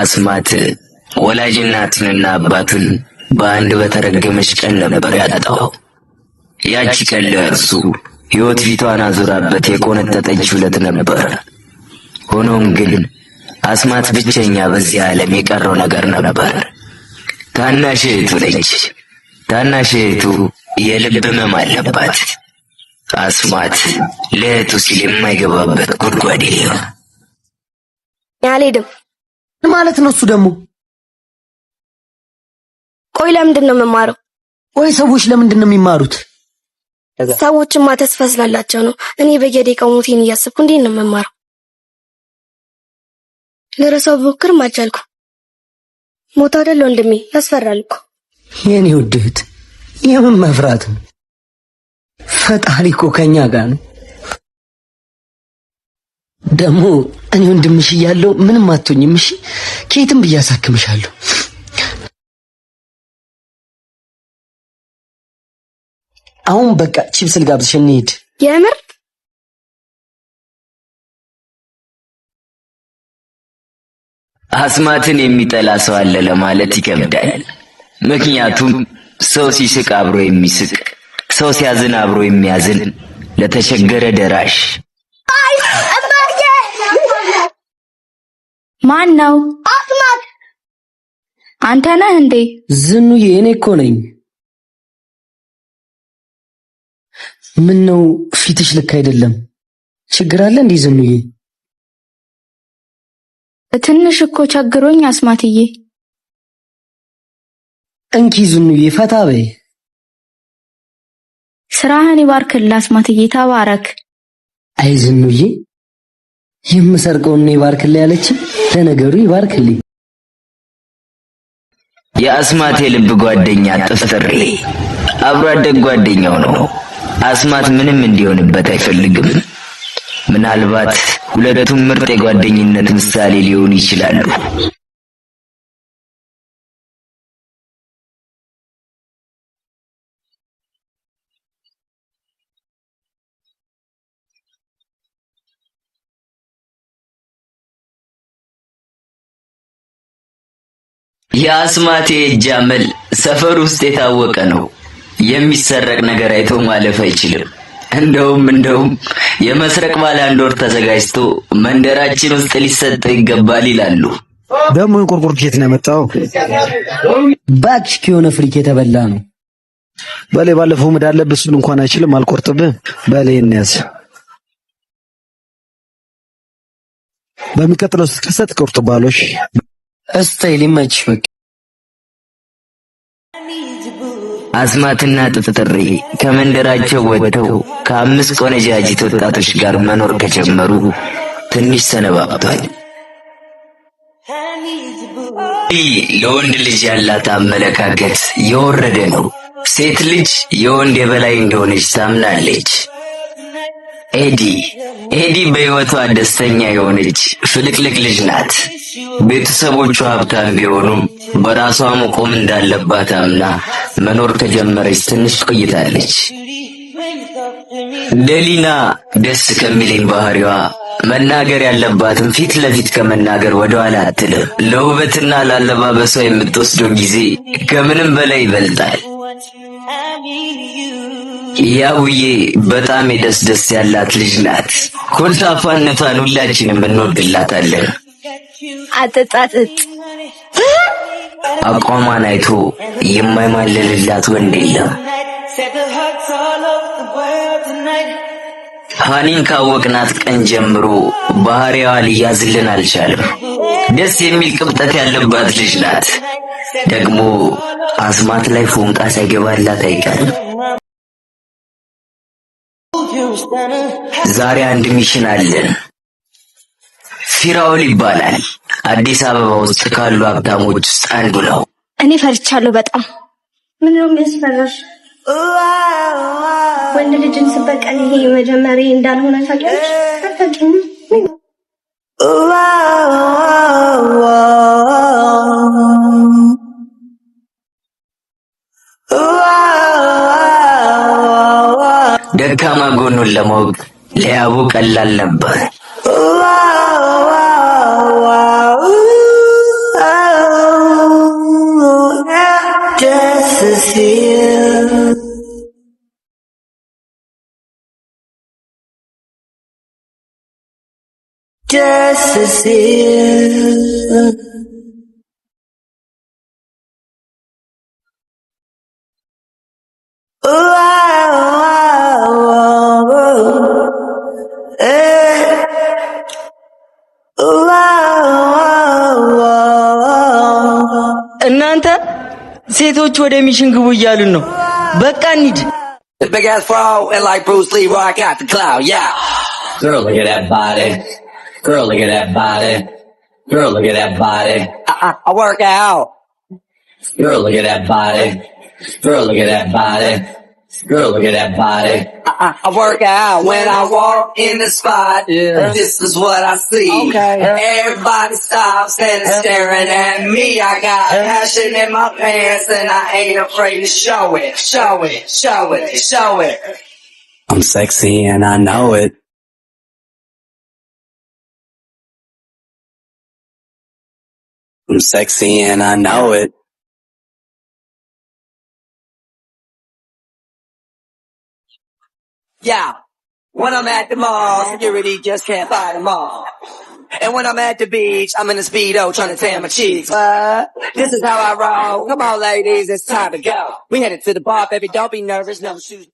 አስማት ወላጅ እናትንና አባትን በአንድ በተረገመች ቀን ነበር ያጣው። ያቺ ቀን ለእርሱ ሕይወት ፊቷን አዙራበት የቆነጠጠች ዕለት ነበር። ሆኖም ግን አስማት ብቸኛ በዚህ ዓለም የቀረው ነገር ነበር። ታናሽ እህቱ ነች። ታናሽ እህቱ የልብ ህመም አለባት። አስማት ለእህቱ ሲል የማይገባበት ጉድጓድ የለም። አልሄድም ማለት ነው። እሱ ደግሞ ቆይ ለምንድን ነው የምማረው? ቆይ ሰዎች ለምንድን ነው የሚማሩት? ሰዎችማ ተስፋ ስላላቸው ነው። እኔ በየደቂቃው ሞቴን እያሰብኩ እንዴት ነው የምማረው? ልረሳው ብሞክርም አልቻልኩም። ሞት አይደል ወንድሜ፣ ያስፈራል እኮ የኔ ውድ እህት። የምን መፍራት ነው? ፈጣሪ እኮ ከኛ ጋር ነው። ደግሞ እኔ ወንድምሽ እያለሁ ምንም አትሆኝም። እሺ ኬትም ብያሳክምሻለሁ። አሁን በቃ ቺፕስ ልጋብዝሽ እንሂድ። የምር አስማትን የሚጠላ ሰው አለ ለማለት ይከብዳል። ምክንያቱም ሰው ሲስቅ አብሮ የሚስቅ፣ ሰው ሲያዝን አብሮ የሚያዝን፣ ለተቸገረ ደራሽ ማን ነው? አስማት አንተ ነህ እንዴ? ዝኑዬ፣ እኔ እኮ ነኝ። ምን ነው ፊትሽ ልክ አይደለም። ችግር አለ እንዴ ዝኑዬ? ትንሽ እኮ ቸግሮኝ አስማትዬ። እንኪ ዝኑዬ፣ ፈታ በይ። ስራህን ይባርክልህ አስማትዬ፣ ተባረክ። አይ ዝኑዬ የምሰርቀውን ይባርክልኝ ያለች። ለነገሩ ይባርክልኝ። የአስማት የልብ ጓደኛ ጥፍጥሬ አብሮ አደግ ጓደኛው ነው። አስማት ምንም እንዲሆንበት አይፈልግም። ምናልባት ሁለቱም ምርጥ የጓደኝነት ምሳሌ ሊሆኑ ይችላሉ። የአስማቴ ጃመል ሰፈር ውስጥ የታወቀ ነው። የሚሰረቅ ነገር አይቶ ማለፍ አይችልም። እንደውም እንደውም የመስረቅ ባለ አንድ ወር ተዘጋጅቶ መንደራችን ውስጥ ሊሰጠው ይገባል ይላሉ። ደግሞ እንቁርቁር ኬት ነው የመጣው? ባችክ የሆነ ፍሪክ የተበላ ነው። በሌ ባለፈው ምድ አለብህ። እሱን እንኳን አይችልም አልቆርጥብህ። በሌ እንያዝ። በሚቀጥለው ስትከሰት ቆርጥባለሽ እስታይ ሊመችሽ በቃ አስማትና ጥፍጥሬ ከመንደራቸው ወጥተው ከአምስት ቆነጃጅት ወጣቶች ጋር መኖር ከጀመሩ ትንሽ ሰነባብቷል። ለወንድ ልጅ ያላት አመለካከት የወረደ ነው። ሴት ልጅ የወንድ የበላይ እንደሆነች ታምናለች። ኤዲ ኤዲ በሕይወቷ ደስተኛ የሆነች ፍልቅልቅ ልጅ ናት። ቤተሰቦቿ ሀብታም ቢሆኑም በራሷ መቆም እንዳለባት አምና መኖር ከጀመረች ትንሽ ቆይታለች። ደሊና ደስ ከሚለኝ ባህሪዋ መናገር ያለባትም ፊት ለፊት ከመናገር ወደኋላ አትልም። ለውበትና ላለባበሷ የምትወስደው ጊዜ ከምንም በላይ ይበልጣል። ያውዬ በጣም የደስ ደስ ያላት ልጅ ናት። ኮልታፋነቷን ሁላችንም እንወድላታለን። አጠጣጥጥ አቋሟን አይቶ የማይማልልላት ወንድ የለም። ሀኒን ካወቅናት ቀን ጀምሮ ባህሪዋ ሊያዝልን አልቻለም። ደስ የሚል ቅብጠት ያለባት ልጅ ናት። ደግሞ አስማት ላይ ፎንቃ ሳይገባላት አይቀርም። ዛሬ አንድ ሚሽን አለን። ፊራውል ይባላል። አዲስ አበባ ውስጥ ካሉ ሀብታሞች ውስጥ አንዱ ነው። እኔ ፈርቻለሁ በጣም። ምን ነው የሚያስፈራሽ? ወንድ ልጅን ስበቀል ይሄ መጀመሪያ እንዳልሆነ ታውቂያለሽ። ደካማ ጎኑን ለማወቅ ለያቡ ቀላል ነበር። see you. ደስ I Big ass, and like Bruce Lee, rock out the yeah. Girl, Girl, look look at at that that body. body. Girl, look at that body. Uh-uh, I work out. Girl, look at that body. Girl, look at that body. Girl, look at that body. I, uh-uh. I, work out when I walk in the spot. Yeah. This is what I see. Okay. Everybody stops and is staring at me. I got passion in my pants and I ain't afraid to show it, show it, show it, show it. I'm sexy and I know it. I'm sexy and I know it. Yeah. When I'm at the mall, security just can't fight them all. And when I'm at the beach, I'm in a speedo trying to tan my cheeks. this is how I roll. Come on, ladies, it's time to go. We headed to the bar, baby. Don't be nervous, no shoes.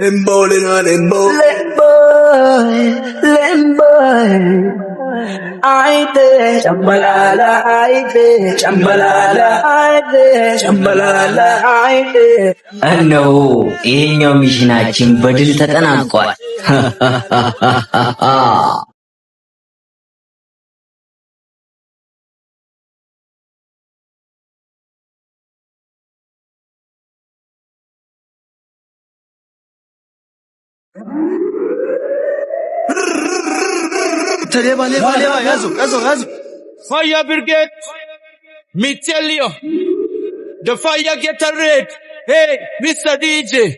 Lemboy, lemboy, lemboy. አይቴ ጨምበላላ አይቴ ጨምበላላ አይቴ ጨምበላላ አይቴ እነሆ ይሄኛው ሚሽናችን በድል ተጠናቋል። Leta, lleva, lleva, vale, lleva, gaso, gaso, Fire brigade, me tell you, the fire get a red. Hey, Mr. DJ.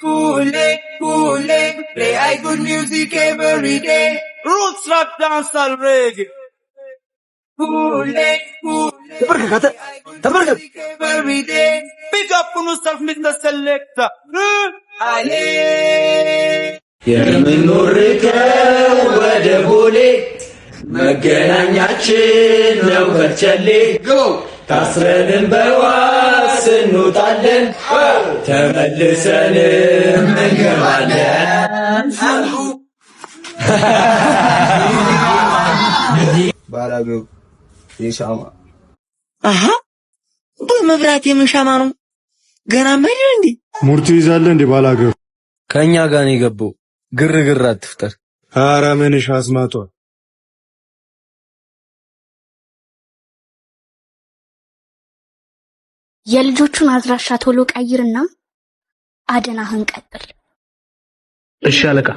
Cool it, cool it, play I good music every day. Roots rock dancehall reggae. Cool it, cool it. good music Every day. pick up on yourself Mr. Selector. Eh? Ale. የምኖርከው ወደ ቦሌ መገናኛችን ነው ከርቸሌ ታስረንም በዋስ እንውጣለን ተመልሰንም እንገባለን። ባላገው የሻማ አሀ በመብራት ነው። ገና እንዴ ሙርቱ ይዛለ እንዴ ባላገው ከእኛ ጋር ነው የገባው ግርግር አትፍጠር። ኧረ ምንሽ አስማቷ የልጆቹን አድራሻ ቶሎ ቀይርና አደናህን ቀጥል። እሺ አለቃ።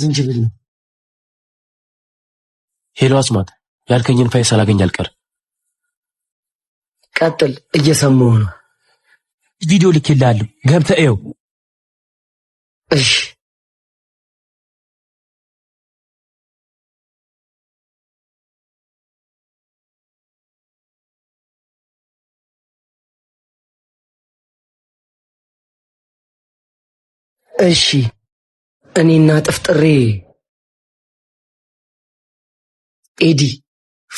ዝንጅብል ነው። ሄሎ አስማት፣ ያልከኝን ፋይል ሳላገኝ አልቀርም። ቀጥል፣ እየሰማሁ ነው። ቪዲዮ ልኬልሃለሁ፣ ገብተህ እየው። እሺ እሺ እኔና ጥፍጥሬ ኤዲ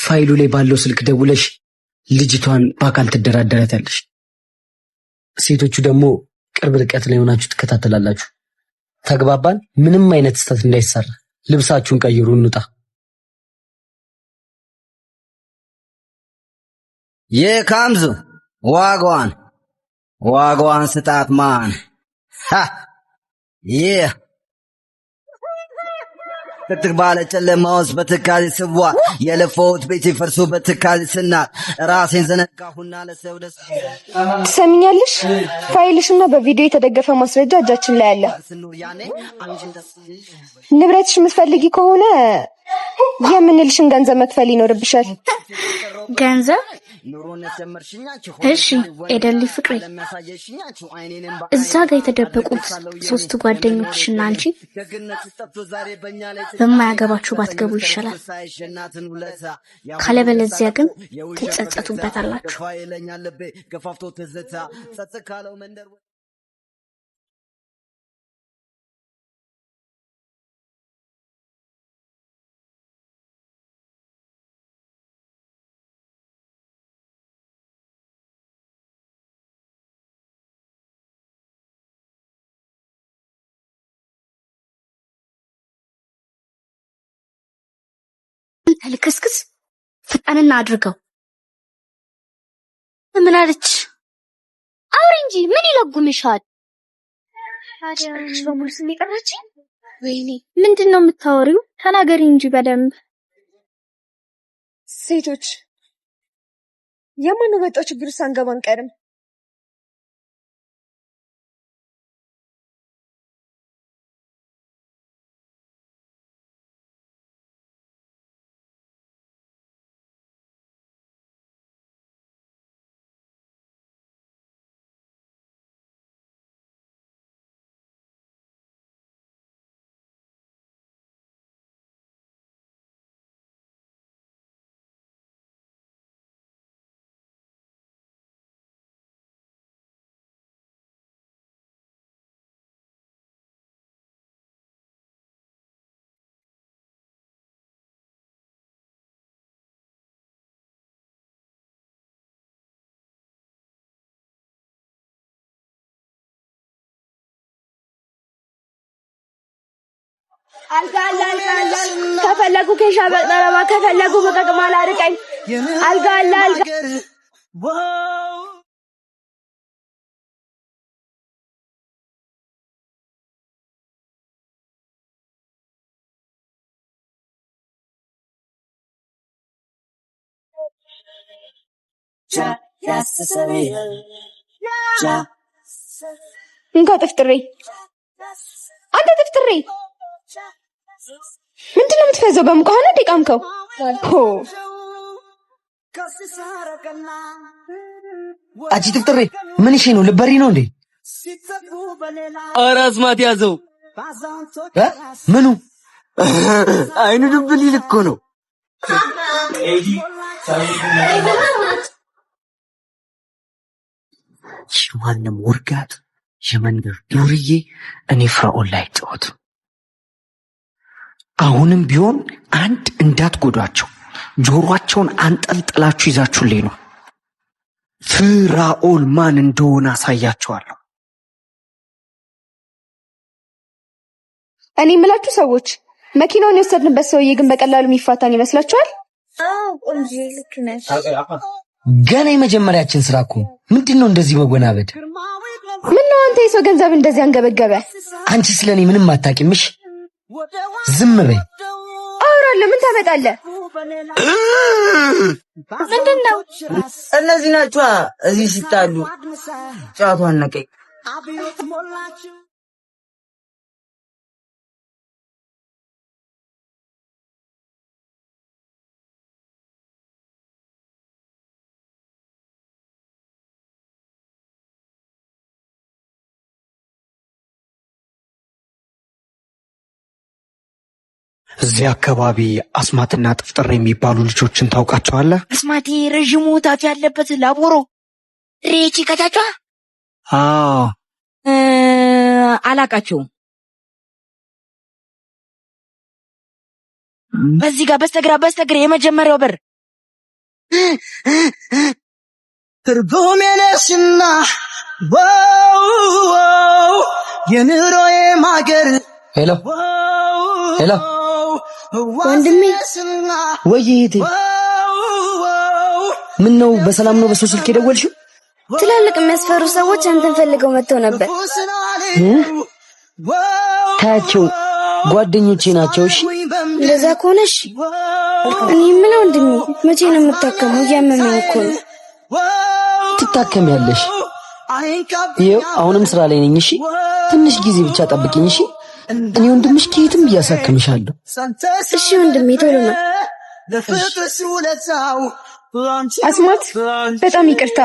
ፋይሉ ላይ ባለው ስልክ ደውለሽ ልጅቷን በአካል ትደራደረታለሽ። ሴቶቹ ደግሞ ቅርብ ርቀት ላይ ሆናችሁ ትከታተላላችሁ። ተግባባን? ምንም አይነት ስህተት እንዳይሰራ። ልብሳችሁን ቀይሩ፣ እንውጣ። የካምዙ ዋጋዋን ዋጋዋን ስጣት ማን ይህ ትትክ ባለ ጨለማ ውስጥ በትካዜ ስቧ የለፈውት ቤት ፈርሶ በትካዜ ስናት ራሴን ዘነጋሁና ለሰው ደስ ትሰሚኛለሽ። ፋይልሽ በቪዲዮ የተደገፈ ማስረጃ እጃችን ላይ አለ። ንብረትሽ የምትፈልጊ ከሆነ የምንልሽን ገንዘብ መክፈል ይኖርብሻል። ገንዘብ እሺ ኤደሊ ፍቅሬ፣ እዛ ጋር የተደበቁት ሶስት ጓደኞችሽና አንቺ በማያገባችሁ ባትገቡ ይሻላል። ካለበለዚያ ግን ትጸጸቱበታላችሁ። ልክስክስ ፍጠንና አድርገው። ምን አለች? አውሪ እንጂ ምን ይለጉምሻል? ታዲያሽ በሙሉ ወይኔ ምንድን ነው የምታወሪው? ተናገሪ እንጂ በደንብ። ሴቶች የማንወጣው ችግር ውስጥ አንገባ አንቀርም። ከፈለጉ ኬሻ በጠረባ ከፈለጉ በቀቅማል አርቀኝ አልጋ አለ አልጋ እንካ ጥፍጥሬ አንተ ጥፍጥሬ ምንድን ነው የምትፈዘው? በሙቀህ ነው ዲቃምከው? ሆ አጂ ትፍጥሬ ምን እሺ ነው? ልበሪ ነው እንዴ? ኧረ አስማት ያዘው። ምኑ አይኑ ድብል ይል እኮ ነው። ማንም ውርጋት የመንደር ዱርዬ እኔ ፍራኦል ላይ ጨወት አሁንም ቢሆን አንድ እንዳትጎዷቸው ጆሯቸውን አንጠልጥላችሁ ይዛችሁልኝ ነው። ፍራኦል ማን እንደሆነ አሳያችኋለሁ። እኔ የምላችሁ ሰዎች መኪናውን የወሰድንበት ሰውዬ ግን በቀላሉ የሚፋታን ይመስላችኋል? ገና የመጀመሪያችን ስራ እኮ ምንድን ነው እንደዚህ መጎናበድ? ምነው አንተ የሰው ገንዘብ እንደዚህ አንገበገበ? አንቺ ስለኔ ምንም አታውቂምሽ። ዝም በይ። አወራለሁ። ምን ታመጣለህ? ምንድን ነው? እነዚህ ናቸዋ እዚህ ሲጣሉ ጫዋቷን ነቀይ እዚህ አካባቢ አስማትና ጥፍጥር የሚባሉ ልጆችን ታውቃቸዋለህ? አስማቴ ረዥሙ ታፍ ያለበት ላቦሮ ሬቺ ከቻቿ። አዎ አላቃቸውም። በዚህ ጋር በስተግራ በስተግራ የመጀመሪያው በር ትርጉም ወው የኑሮዬ ማገር ሄሎ ሄሎ ወንድሜ ወይ እህቴ ምን ነው? በሰላም ነው? በሰው ስልክ የደወልሽው? ትላልቅ የሚያስፈሩ ሰዎች አንተን ፈልገው መጥተው ነበር። ታያቸው ጓደኞቼ ናቸው። እሺ እንደዛ ከሆነ እሺ። እኔ የምለው ወንድሜ መቼ ነው የምታከመው? እያመመኝ እኮ ነው። ትታከሚያለሽ። ይኸው አሁንም ስራ ላይ ነኝ። እሺ ትንሽ ጊዜ ብቻ ጠብቂኝ። እሺ እኔ ወንድምሽ ከየትም እያሳክምሻለሁ። እሺ ወንድሜ ቶሎ ነው። አስማት በጣም ይቅርታ።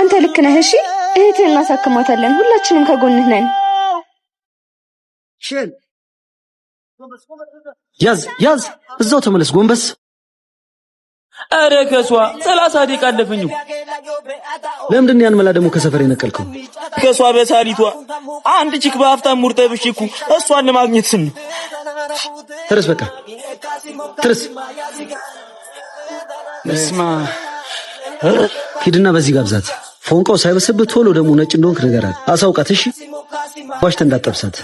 አንተ ልክ ነህ። እሺ እህትህ እናሳክማታለን። ሁላችንም ከጎንህ ነን። ያዝ ያዝ፣ እዛው ተመለስ ጎንበስ አረ ከሷ ሰላሳ ደቂቃ አለፈኝ። ለምንድን ያን መላ ደግሞ ከሰፈር የነቀልከው? ከሷ በሳሪቷ አንድ ቺክ በሀብታም ሙርጠ ብሽኩ እሷን ለማግኘት ስም ትርስ፣ በቃ ትርስ። እስማ ሂድና በዚህ ጋብዛት። ፎንቃው ሳይበስብህ ቶሎ ደግሞ ነጭ እንደሆንክ ንገራት፣ አሳውቃት። እሺ፣ ዋሽተህ እንዳጠብሳት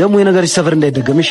ደግሞ የነገርሽ ሰፈር እንዳይደገምሽ